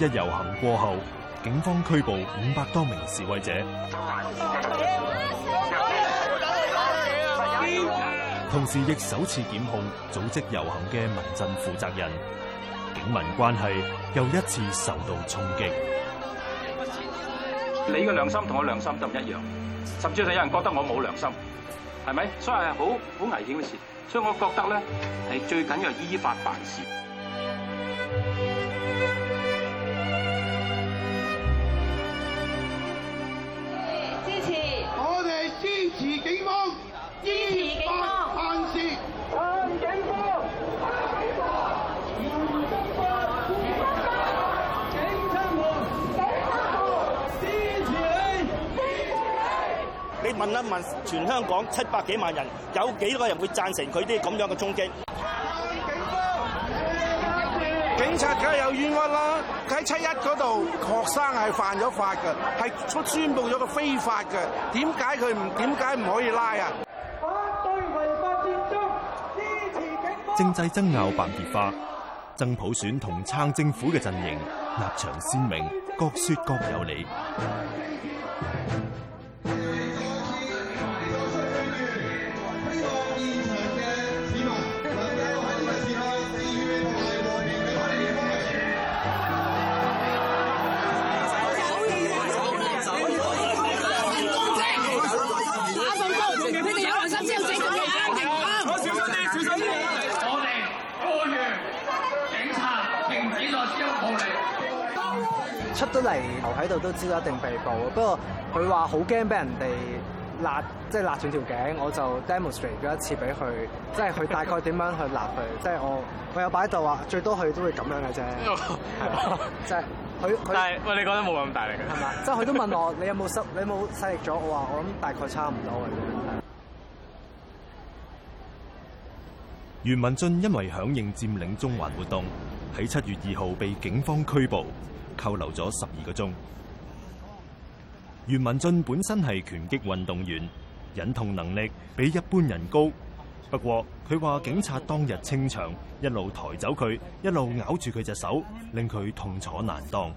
一遊行過後，警方拘捕五百多名示威者，同時亦首次檢控組織遊行嘅民陣負責人，警民關係又一次受到衝擊。你嘅良心同我良心都唔一樣，甚至你有人覺得我冇良心，係咪？所以係好好危險嘅事，所以我覺得咧係最緊要依法辦事。問一問全香港七百幾萬人，有幾多人會贊成佢啲咁樣嘅衝擊？警察梗係有冤屈啦！喺七一嗰度，學生係犯咗法嘅，係出宣佈咗個非法嘅，點解佢唔，點解唔可以拉啊？反對違法建築，支持警方！政制爭拗扮別化，曾普選同撐政府嘅陣營立場鮮明，各説各有理。出咗嚟留喺度都知道，一定被捕。不過佢話好驚俾人哋拉，即係拉住條頸。我就 demonstrate 咗一次俾佢，即係佢大概點樣去拉佢。即係我，我有擺度話最多佢都會咁樣嘅啫，即係佢。但係喂，你講得冇咁大力，係嘛？即係佢都問我，你有冇收？你有冇犀力咗？我話我諗大概差唔多嘅。袁文俊因為響應佔領中環活動，喺七月二號被警方拘捕。扣留咗十二個鐘。袁文俊本身係拳擊運動員，忍痛能力比一般人高。不過佢話警察當日清場，一路抬走佢，一路咬住佢隻手，令佢痛楚難當。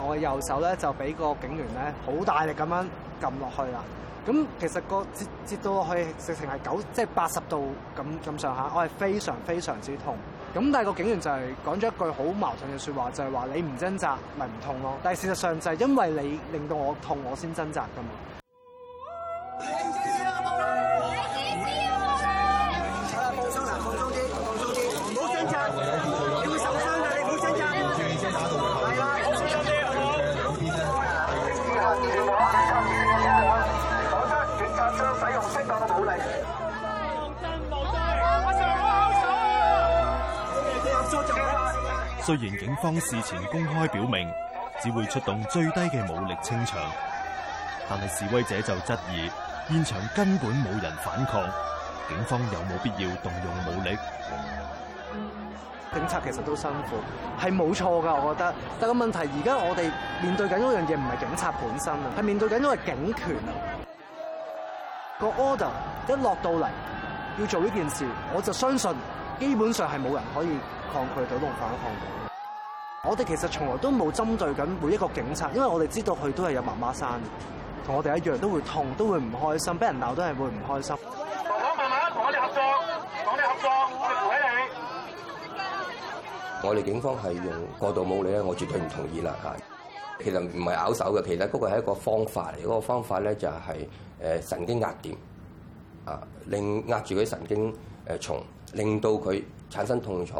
我右手咧就俾個警員咧好大力咁樣撳落去啦。咁其實個折折到可以直情係九即係八十度咁咁上下，我係非常非常之痛。咁但係個警員就係講咗一句好矛盾嘅說話，就係話你唔掙扎咪唔痛咯。但係事實上就係因為你令到我痛，我先掙扎噶嘛。雖然警方事前公開表明只會出動最低嘅武力清場，但係示威者就質疑現場根本冇人反抗，警方有冇必要動用武力？警察其實都辛苦，係冇錯噶，我覺得。但個問題而家我哋面對緊一樣嘢唔係警察本身啊，係面對緊因為警權啊。個 order 一落到嚟，要做呢件事，我就相信基本上係冇人可以抗拒到同反抗，我哋其實從來都冇針對緊每一個警察，因為我哋知道佢都係有媽媽生同我哋一樣都會痛，都會唔開心，俾人鬧都係會唔開心。爸爸慢慢同我哋合作，同我哋合作，我哋扶起你。我哋警方係用過度武力，咧，我絕對唔同意啦。嚇，其實唔係拗手嘅，其實嗰個係一個方法嚟，嗰個方法咧就係誒神經壓電啊，令壓住佢神經誒叢，令到佢產生痛楚。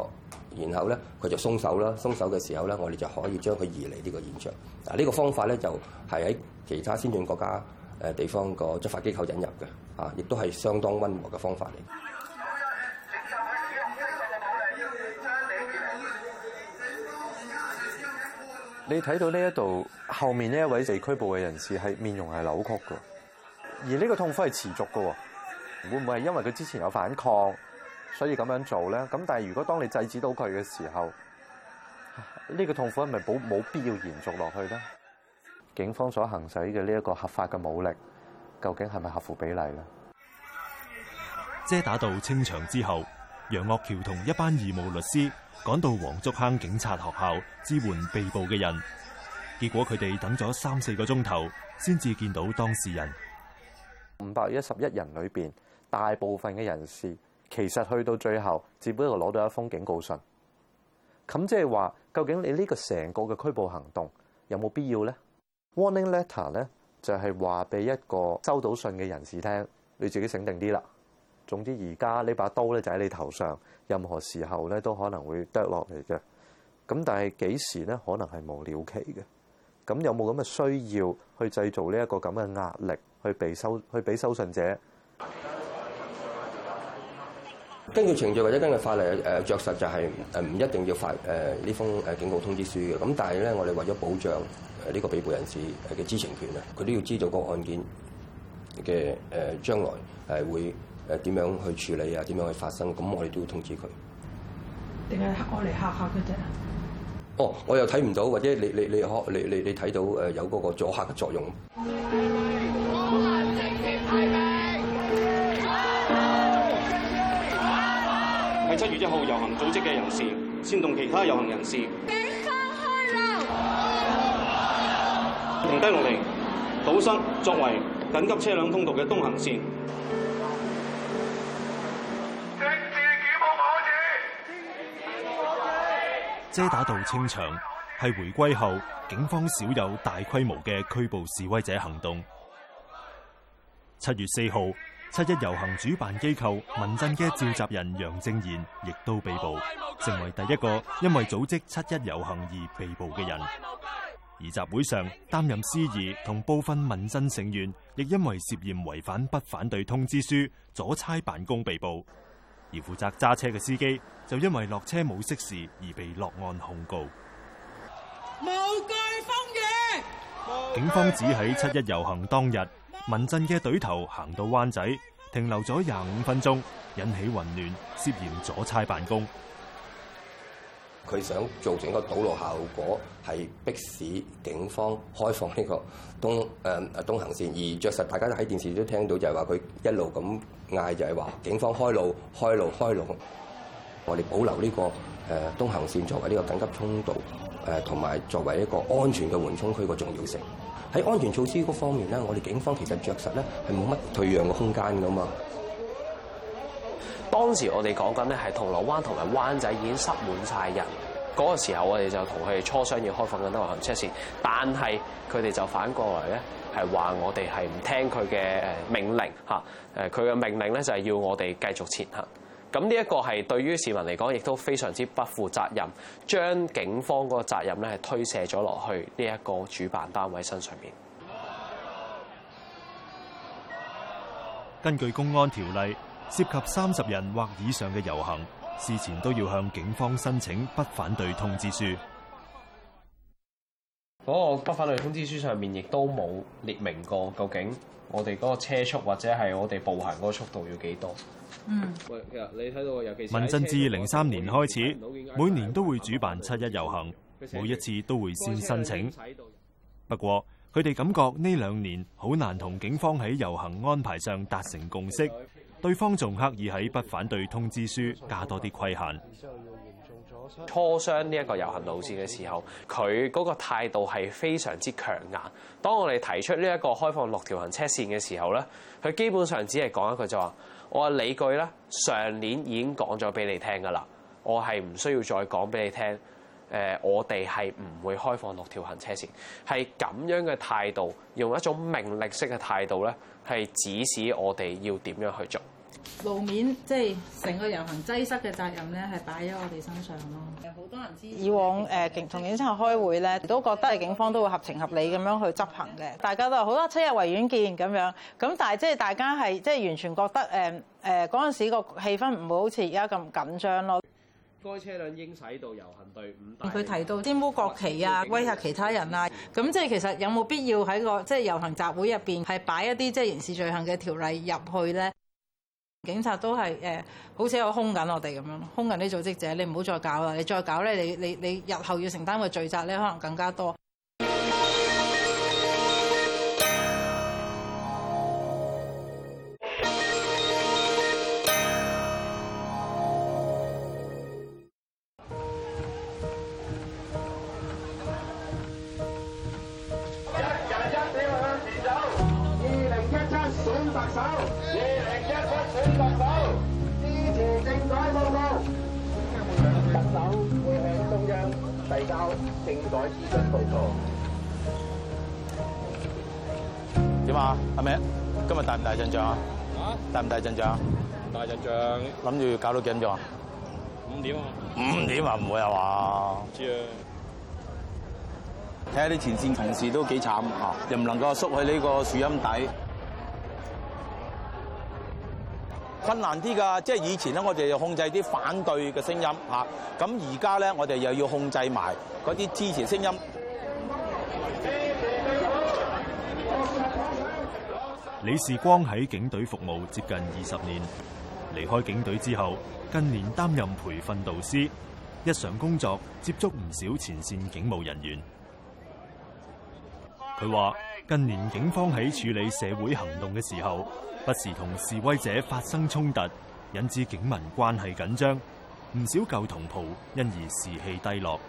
然後咧，佢就鬆手啦。鬆手嘅時候咧，我哋就可以將佢移離呢個現場。嗱，呢個方法咧就係喺其他先進國家誒地方個執法機構引入嘅，啊，亦都係相當溫和嘅方法嚟。你睇到呢一度後面呢一位被拘捕嘅人士係面容係扭曲嘅，而呢個痛苦係持續嘅喎，會唔會係因為佢之前有反抗？所以咁樣做咧，咁但係如果當你制止到佢嘅時候，呢、呢個痛苦係咪冇冇必要延續落去呢？警方所行使嘅呢一個合法嘅武力，究竟係咪合乎比例呢？遮打道清場之後，楊岳橋同一班義務律師趕到黃竹坑警察學校支援被捕嘅人，結果佢哋等咗三四個鐘頭，先至見到當事人。五百一十一人裏面，大部分嘅人士。其實去到最後，只不過攞到一封警告信，咁即係話，究竟你呢個成個嘅拘捕行動有冇必要呢？Warning letter 咧就係話俾一個收到信嘅人士聽，你自己醒定啲啦。總之而家呢把刀咧就喺你頭上，任何時候咧都可能會掉落嚟嘅。咁但係幾時咧可能係無了期嘅？咁有冇咁嘅需要去製造呢一個咁嘅壓力去被收去俾收信者？根據程序或者根據法例誒著實就係誒唔一定要發誒呢封誒警告通知書嘅，咁但係咧我哋為咗保障誒呢個被捕人士嘅知情權啊，佢都要知道個案件嘅誒將來係會誒點樣去處理啊，點樣去發生，咁我哋都要通知佢。定係嚇我嚟嚇嚇嘅啫？哦，我又睇唔到，或者你你你可你你你睇到誒有嗰個阻嚇嘅作用。七月一號遊行組織嘅人士煽動其他遊行人士。警方開路，停低路籠，堵塞作為緊急車輛通道嘅東行線警警警警。遮打道清場係回歸後警方少有大規模嘅拘捕示威者行動。七月四號。七一遊行主辦機構民陣嘅召集人楊正賢亦都被捕，成為第一個因為組織七一遊行而被捕嘅人。而集會上擔任司儀同部分民陣成員，亦因為涉嫌違反不反對通知書阻差辦公被捕。而負責揸車嘅司機就因為落車冇熄匙而被落案控告。冇懼風雨。警方指喺七一遊行當日，民陣嘅隊頭行到灣仔，停留咗廿五分鐘，引起混亂，涉嫌阻差辦公。佢想造成一個堵路效果，係逼使警方開放呢個東誒、呃、東行線。而着實，大家都喺電視都聽到就是他，就係話佢一路咁嗌，就係話警方開路、開路、開路。我哋保留呢個誒東行線作為呢個緊急通道，誒同埋作為一個安全嘅緩衝區個重要性。喺安全措施嗰方面咧，我哋警方其實着實咧係冇乜退讓嘅空間㗎嘛。當時我哋講緊咧係銅鑼灣同埋灣仔已經塞滿晒人，嗰個時候我哋就同佢哋初商要開放緊的行車線，但係佢哋就反過來咧係話我哋係唔聽佢嘅誒命令嚇，誒佢嘅命令咧就係要我哋繼續前行。咁呢一個係對於市民嚟講，亦都非常之不負責任，將警方嗰個責任咧係推卸咗落去呢一個主辦單位身上面。根據公安條例，涉及三十人或以上嘅遊行，事前都要向警方申請不反對通知書。嗰、嗰個不反對通知書上面亦都冇列明過，究竟我哋嗰個車速或者係我哋步行嗰個速度要幾多？嗯，其實你睇到尤其是民陣自零三年開始，每年都會主辦七一遊行，每一次都會先申請。不過佢哋感覺呢兩年好難同警方喺遊行安排上達成共識，對方仲刻意喺不反對通知書加多啲規限。磋商呢一個遊行路線嘅時候，佢嗰個態度係非常之強硬。當我哋提出呢一個開放六條行車線嘅時候呢，佢基本上只係講一句就話、是：我理據呢上年已經講咗俾你聽㗎啦，我係唔需要再講俾你聽。誒，我哋係唔會開放六條行車線，係咁樣嘅態度，用一種命令式嘅態度呢，係指使我哋要點樣去做。路面即係成個遊行擠塞嘅責任咧，係擺喺我哋身上咯。有好多人知以往誒同警察開會咧，都覺得警方都會合情合理咁樣去執行嘅。大家都話好多七日維園見咁樣咁，但係即係大家係即係完全覺得誒誒嗰陣時個氣氛唔會好似而家咁緊張咯。該車輛應使到遊行隊伍。佢提到玷污國旗啊，威嚇其他人啊，咁即係其實有冇必要喺個即係遊行集會入邊係擺一啲即係刑事罪行嘅條例入去咧？警察都係誒、呃，好似我兇緊我哋咁樣，兇緊啲組織者，你唔好再搞啦！你再搞呢？你你你日後要承擔嘅罪責呢，可能更加多。印象諗住搞到幾點鐘？五點啊！五點啊，唔會係嘛？唔知啊。睇下啲前線同事都幾慘嚇，又唔能夠縮喺呢個樹蔭底。嗯、困難啲㗎，即係以前咧，我哋要控制啲反對嘅聲音嚇，咁而家咧，我哋又要控制埋嗰啲支持聲音。李時光喺警隊服務接近二十年。離開警隊之後，近年擔任培訓導師，日常工作接觸唔少前線警務人員。佢話近年警方喺處理社會行動嘅時候，不時同示威者發生衝突，引致警民關係緊張，唔少舊同袍因而士氣低落。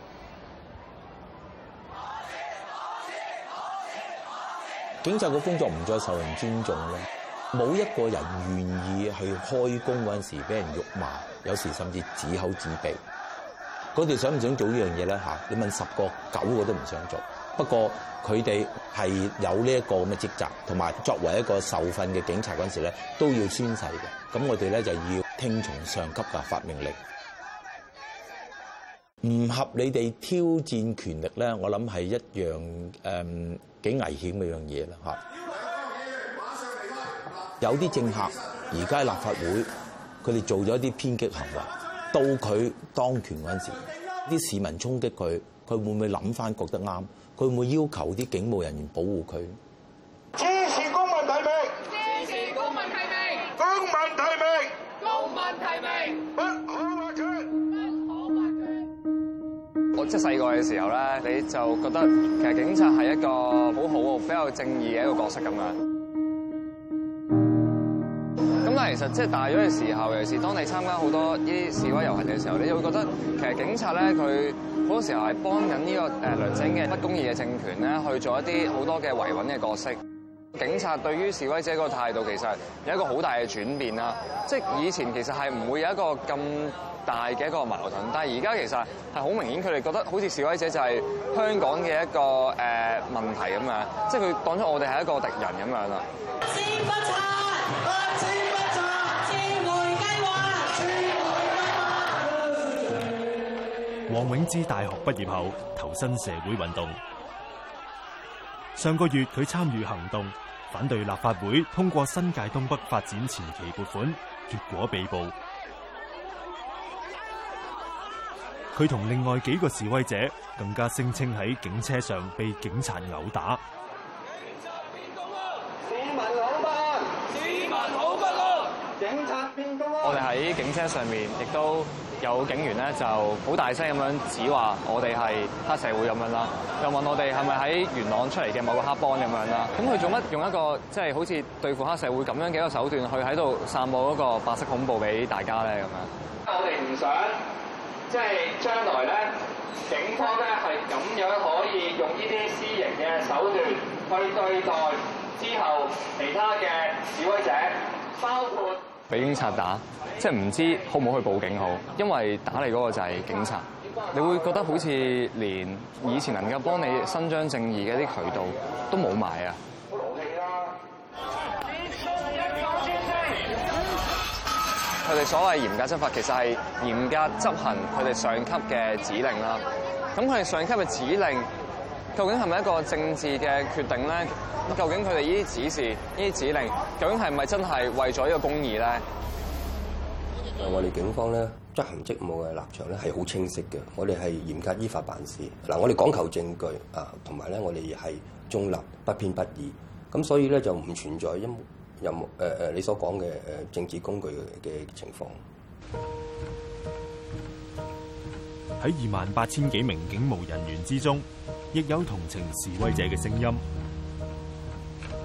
警察嘅工作唔再受人尊重。冇一個人願意去開工嗰陣時俾人辱罵，有時甚至指口指鼻。佢哋想唔想做這件事呢樣嘢咧？嚇，你問十個九個都唔想做。不過佢哋係有呢一個咁嘅職責，同埋作為一個受訓嘅警察嗰陣時咧，都要宣誓嘅。咁我哋咧就要聽從上級嘅發命令。唔合理哋挑戰權力咧，我諗係一樣誒幾、嗯、危險嘅樣嘢啦嚇。有啲政客而家喺立法會，佢哋做咗一啲偏激行為，到佢當權嗰陣時，啲市民衝擊佢，佢會唔會諗翻覺得啱？佢會唔會要求啲警務人員保護佢？支持公民提名，支持公民提名，公民提名，公民提名，不可或缺，不可或缺。我即係細個嘅時候咧，你就覺得其實警察係一個好好、比較正義嘅一個角色咁樣。其實即係大咗嘅時候，尤其是當你參加好多啲示威遊行嘅時候，你就會覺得其實警察咧佢好多時候係幫緊呢個梁振嘅不公義嘅政權咧去做一啲好多嘅維穩嘅角色。警察對於示威者嗰個態度其實有一個好大嘅轉變啦。即係以前其實係唔會有一個咁大嘅一個矛盾，但係而家其實係好明顯，佢哋覺得好似示威者就係香港嘅一個誒問題咁樣，即係佢當咗我哋係一個敵人咁樣啦。王永之大學畢業後投身社會運動。上個月，佢參與行動，反對立法會通過新界東北發展前期撥款，結果被捕。佢同另外幾個示威者更加聲稱喺警車上被警察毆打。我哋喺警車上面，亦都有警員咧，就好大聲咁樣指話我哋係黑社會咁樣啦，又問我哋係咪喺元朗出嚟嘅某個黑幫咁樣啦。咁佢做乜用一個即係好似對付黑社會咁樣嘅一個手段，去喺度散佈一個白色恐怖俾大家咧咁樣？我哋唔想即係、就是、將來咧，警方咧係咁樣可以用呢啲私刑嘅手段去對待之後其他嘅示威者，包括。俾警察打，即係唔知好唔好去報警好，因為打你嗰個就係警察，你會覺得好似連以前能夠幫你伸張正義嘅一啲渠道都冇埋啊！好老氣啦！佢哋所謂嚴格執法，其實係嚴格執行佢哋上級嘅指令啦。咁佢哋上級嘅指令。他們上級的指令究竟係咪一個政治嘅決定咧？究竟佢哋呢啲指示、呢啲指令，究竟係咪真係為咗一個公義咧？我哋警方咧執行職務嘅立場咧係好清晰嘅，我哋係嚴格依法辦事。嗱，我哋講求證據啊，同埋咧我哋係中立、不偏不倚。咁所以咧就唔存在任任誒誒你所講嘅誒政治工具嘅情況。喺二萬八千幾名警務人員之中，亦有同情示威者嘅聲音。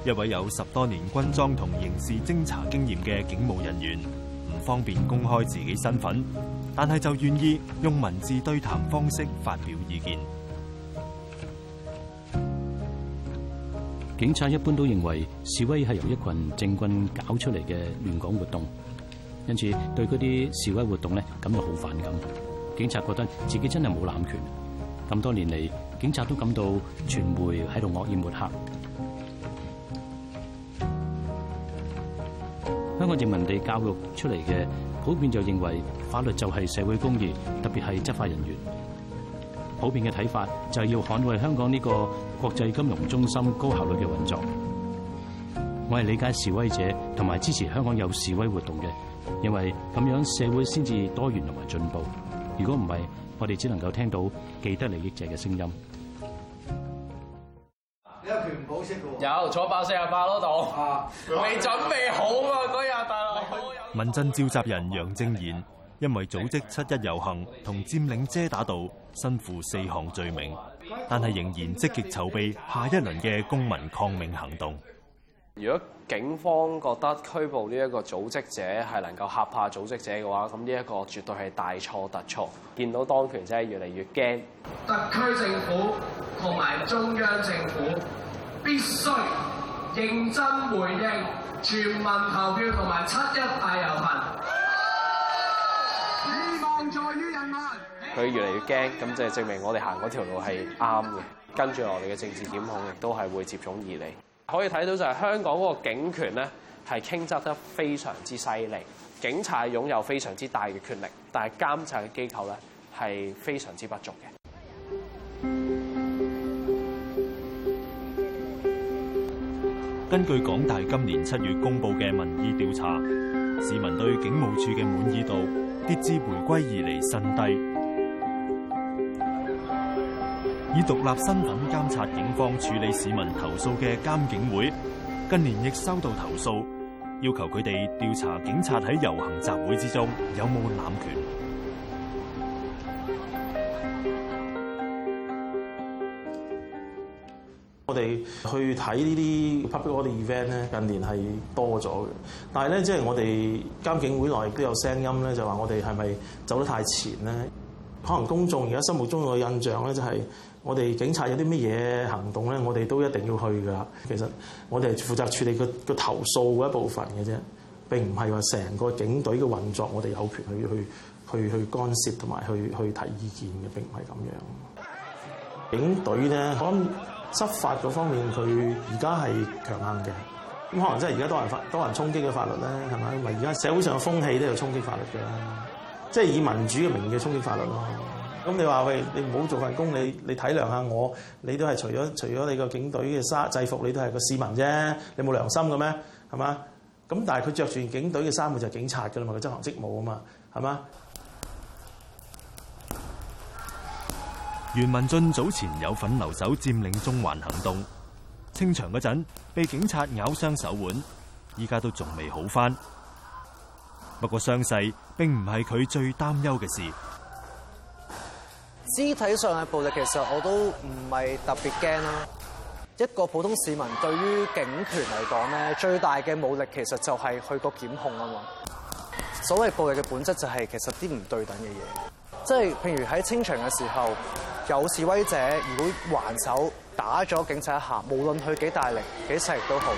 一位有十多年軍裝同刑事偵查經驗嘅警務人員，唔方便公開自己身份，但係就願意用文字對談方式發表意見。警察一般都認為示威係由一群政棍搞出嚟嘅亂港活動，因此對嗰啲示威活動呢，感到好反感。警察覺得自己真係冇濫權。咁多年嚟，警察都感到傳媒喺度惡意抹黑。香港殖民地教育出嚟嘅普遍就認為法律就係社會公義，特別係執法人員。普遍嘅睇法就係要捍衛香港呢個國際金融中心高效率嘅運作。我係理解示威者同埋支持香港有示威活動嘅，因為咁樣社會先至多元同埋進步。如果唔係，我哋只能夠聽到既得利益者嘅聲音。有，有坐爆四十八咯，同、啊、未準備好啊！嗰日但民陣召集人楊正賢因為組織七一遊行同佔領遮打道，身負四項罪名，但係仍然積極籌備下一輪嘅公民抗命行動。如果警方覺得拘捕呢一個組織者係能夠嚇怕的組織者嘅話，咁呢一個絕對係大錯特錯。見到當權者係越嚟越驚，特區政府同埋中央政府必須認真回應全民投票同埋七一大遊行。希望在於人民。佢越嚟越驚，咁即係證明我哋行嗰條路係啱嘅，跟住落嚟嘅政治檢控亦都係會接踵而嚟。可以睇到就係香港嗰個警權咧，係傾側得非常之犀利，警察擁有非常之大嘅權力，但係監察嘅機構咧係非常之不足嘅。根據港大今年七月公布嘅民意調查，市民對警務處嘅滿意度跌至回歸以嚟新低。以獨立身份監察警方處理市民投訴嘅監警會，近年亦收到投訴，要求佢哋調查警察喺遊行集會之中有冇濫權。我哋去睇呢啲 public event 咧，近年係多咗嘅。但係咧，即係我哋監警會內亦都有聲音咧，就話我哋係咪走得太前咧？可能公眾而家心目中嘅印象咧，就係、是。我哋警察有啲乜嘢行動咧，我哋都一定要去噶。其實我哋係負責處理個個投訴嗰一部分嘅啫，並唔係話成個警隊嘅運作，我哋有權去去去去干涉同埋去去提意見嘅，並唔係咁樣。警隊咧，我諗執法嗰方面佢而家係強硬嘅。咁可能即係而家多人多人衝擊嘅法律咧，係咪？因為而家社會上嘅風氣都有衝擊法律㗎啦，即係以民主嘅名義衝擊法律咯。咁你話喂，你唔好做份工，你你體諒下我，你都係除咗除咗你個警隊嘅衫制服，你都係個市民啫，你冇良心嘅咩？係嘛？咁但係佢著住警隊嘅衫，佢就警察噶啦嘛，佢執行職務啊嘛，係嘛？袁文俊早前有份留守佔領中環行動清場嗰陣，被警察咬傷手腕，依家都仲未好返。不過傷勢並唔係佢最擔憂嘅事。肢體上嘅暴力其實我都唔係特別驚啦。一個普通市民對於警權嚟講咧，最大嘅武力其實就係去個檢控啊嘛。所謂暴力嘅本質就係其實啲唔對等嘅嘢，即係譬如喺清場嘅時候，有示威者如果還手打咗警察一下，無論佢幾大力幾細力都好，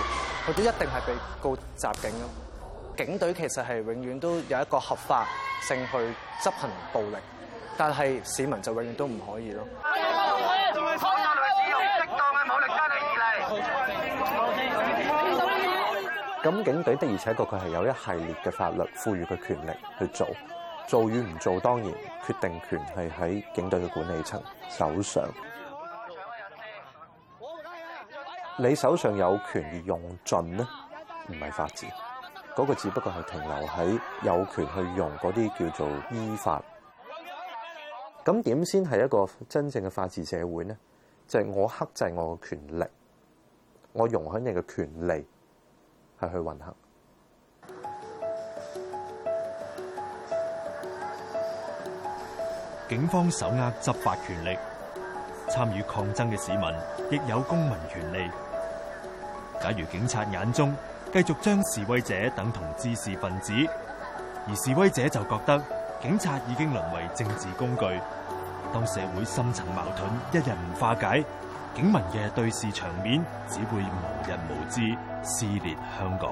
佢都一定係被告襲警咯。警隊其實係永遠都有一個合法性去執行暴力。但係市民就永遠都唔可以咯。咁警隊的而且確，佢係有一系列嘅法律賦予佢權力去做，做與唔做當然決定權係喺警隊嘅管理層手上。你手上有權而用盡呢？唔係法治。嗰個只不過係停留喺有權去用嗰啲叫做依法。咁點先係一個真正嘅法治社會呢？就係我克制我嘅權力，我容許你嘅權利係去運行。警方手握執法權力，參與抗爭嘅市民亦有公民權利。假如警察眼中繼續將示威者等同滋事分子，而示威者就覺得，警察已經淪為政治工具，當社會深層矛盾一日唔化解，警民嘅對視場面只會無人無知撕裂香港。